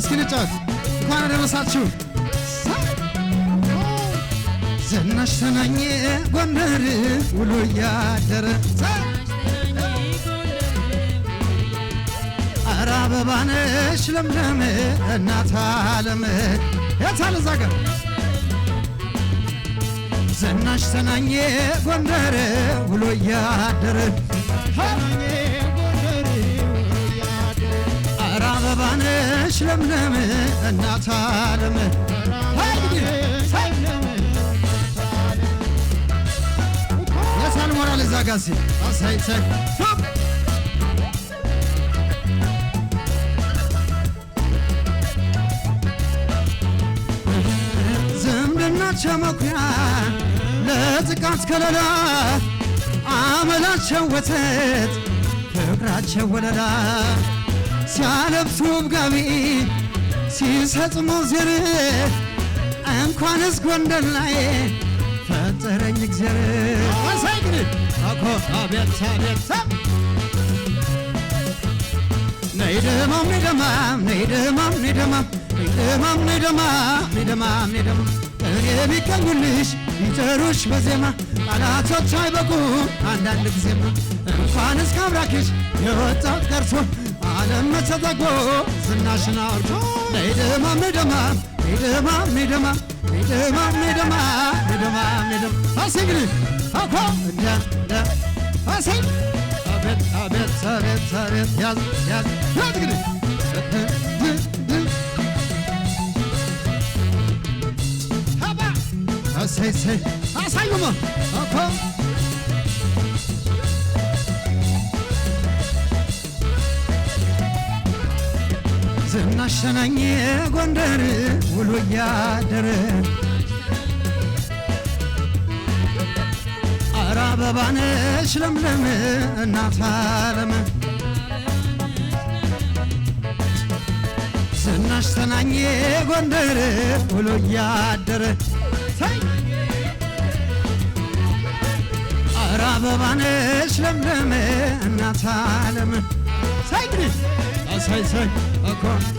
እስኪ ንጫወት። እንኳን አደረሳችሁ። ዝናሽ ተናኘ ጎንደር ውሎ እያደረ ኧረ አበባነሽ ለምለም እናት አለም የታለ እዛ ጋር ዝናሽ ተናኘ ጎንደር ውሎ እያደረ አበባነሽ ለምለም እናት ዓለም የሳልሞራል እዛ ጋሴ ሳይሳይ ዝምድናቸው መኩያ ለጥቃት ከለላ አመላቸው ወተት ፍቅራቸው ወለላ ሲያለብሱም ጋቢ ሲሰጽሙ ዜር እንኳንስ ጎንደር ላይ ፈጠረኝ እግዜር ወሰግድ አኮ አቤት አቤት ነይ ደማም ነይ ደማም ነይ ደማም ነይ ደማም ነይ ደማም ነይ ደማም ነይ ደማም ነይ ደማም የሚገኙልሽ ይጠሩሽ በዜማ ቃላቶች አይበቁ አንዳንድ ጊዜማ እንኳን እስከ አብራክሽ የወጣት ቀርሶ ዓለም መሰጠቆ ዝናሽን አውርቶ ሜድማ ሜድማ ሜድማ ሜድማ ሜድማ ሜድማ ሜድማ ሜድማ አሴ እንግዲህ አኳ እንደ እንደ አሴ አቤት አቤት አቤት አቤት ያዝ ያዝ ያዝ እንግዲህ አሳይ አሳይ አሳዩማ አኳ አሸናኝ ጎንደር ውሎ እያደረ አረ አበባነሽ ለምለም እናት አለም ዝናሽ ጎንደር ውሎ እያደረ አረ አበባነሽ ለምለም እናት አለም Say this. Ah, I say, say, I ah, come.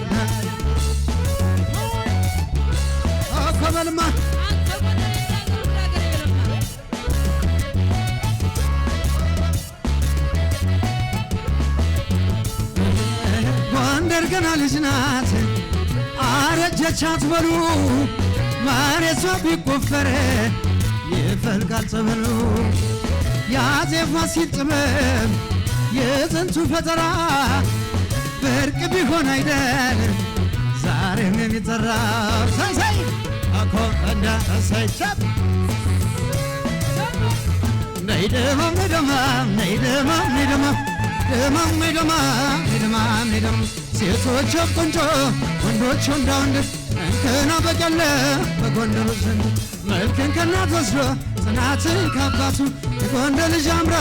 ጎንደር ገና ልጅ ናት አረጀች አትበሉ መሬቷ ቢቆፈር ይፈልቃል ጸበሉ ያዜፏ ሲጥበብ የጽንቱ ፈጠራ በርቅ ቢሆን አይደል ዛሬም የሚጠራ ሳይሳይ አኮ እንዳ ነይ ነይ ነይ ነይ ነይ ነይ ነይ ሴቶች ቆንጆ ወንዶች ወንዳ ወንድ እንከና በቀለ በጎንደሩ ዘንድ መልክን ወስዶ ጽናትን ከአባቱ እንደ ልጅ አምራ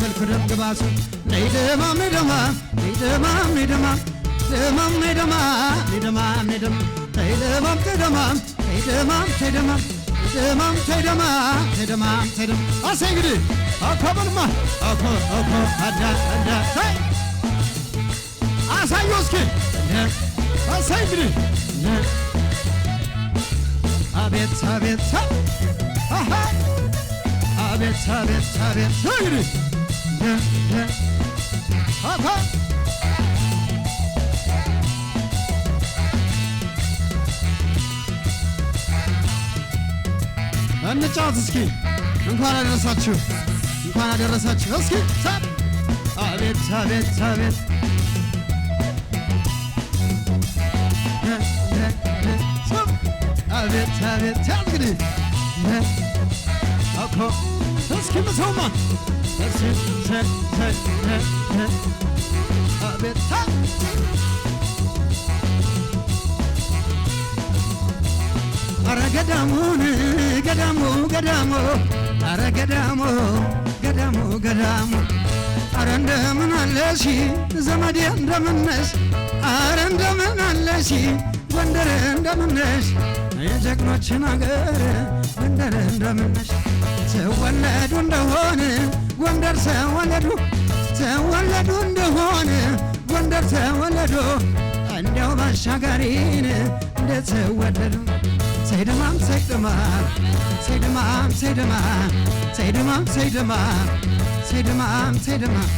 መልክ ደም ግባሱ ነይ ደማ ነደማ ነይ ደማ ነደማ ደማ ነደማ ነደማ ነደም ተይ ደማም ተደማም ተይ ደማም ተደማም ደማም ተደማ ተደማም ተደም አሴ እንግዲህ አካበልማ አካ አካ አዳ አዳ ታይ አሳዩ እስኪ አሳይ እንግዲህ አቤት አቤት sabır sabır sabır Şöyle Dön dön Hata እንጫወት እስኪ እንኳን አደረሳችሁ እንኳን አደረሳችሁ እስኪ ሳብ አቤት አቤት አቤት አቤት አቤት ያል እንግዲህ Opa. Das können አረ ገዳሙን ገዳሙ ገዳሙ አረ ገዳሙ ገዳሙ ገዳሙ አረ እንደምን አለሽ ዘመዴ እንደምን ነሽ አረ እንደምን አለሽ ጎንደር እንደምን ነሽ የጀግኖችን አገር ጎንደር እንደምነሽ ተወለዱ እንደሆን ጎንደር ተወለዱ ተወለዱ እንደሆን ጎንደር ተወለዱ እንዲያው ባሻጋሪን እንደተወለዱ ሰይድማም ሰይድማም ሰይድማም ሰይድማም ሰይድማም ሰይድማም ሰይድማም ሰይድማም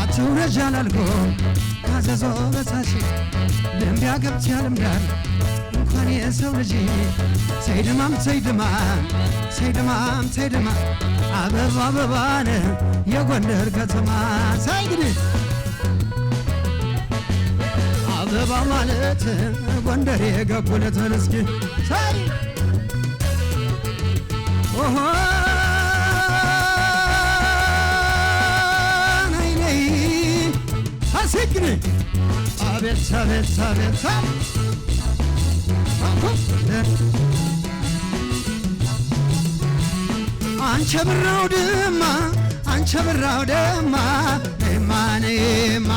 አትውረጃ ላልጎ ካዘዞ በሳሽ ደምቢያ ገብቻ ልምዳል የሰው ልጅ ሳይደማም ሳይደማም ሳይደማም ሳይደማም አበባ አበባነ የጎንደር ከተማ ሳይ አበባ ማለት ጎንደር የገቡለትን እስኪ ሳይ ኦሆ አቤት አቤት አቤት አንቸ ብራው ደማ አንቸ ብራው ደማ ደማ ነማ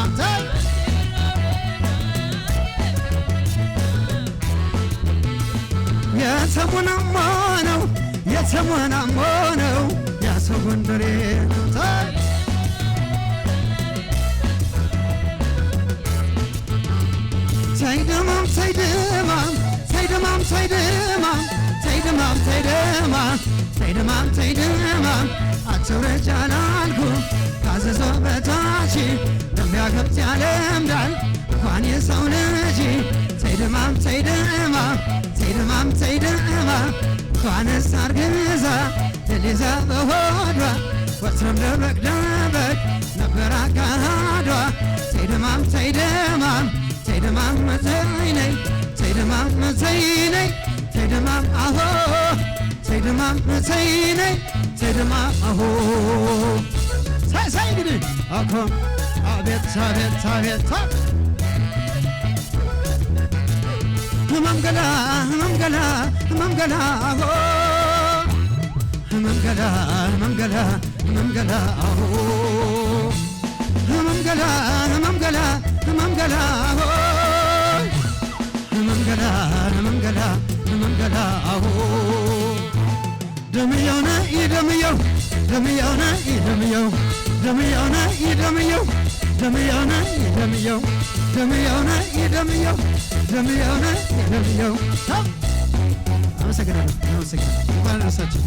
የሰሙናማ ነው የሰሙናማ ነው ያሰው ጎንደሬ ሳይደማም ሳይደማም ሳይደማም ሳይደማም ሳይደማም ሳይደማም ሳይደማም ሳይደማም አትውረጅ አላልኩ ካዘዞ በታች በሚያገብት ያለምዳል እንኳን የሰው ልጅ ሳይደማም ሳይደማም ሳይደማም ሳይደማም እንኳንስ አርግዛ ተሌዛ በሆዷ ወትሮም ደበቅደበቅ ነበር አካሃዷ ሳይደማም ሳይደማም ሳይደማም መተይነይ ሰይድማም መሰይነይ ሰይድማም አሆ ሰይድማም መሰይነይ ሰይድማም አሆ ሰይድ አኮ አቤት አቤት አቤት ህመም ገላ ህመም ገላ ህመም ገላ አሆ ህመም ገላ ህመም ገላ ህመም ገላ አሆ ህመም ገላ ህመም ገላ ህመም ገላ አሆ ነመንገላ ለመንገላ ነመንገላ አሁ ደምያውና ይደምየው ደምያነ ይደምየው ደምያውና ይደምየው ደምያነ ይደምየው ደምያውና ይደምየው ደምያውና ይደምየው አመሰግናለሁ። አመሰግናለሁ። እንኳን ደረሳችሁ።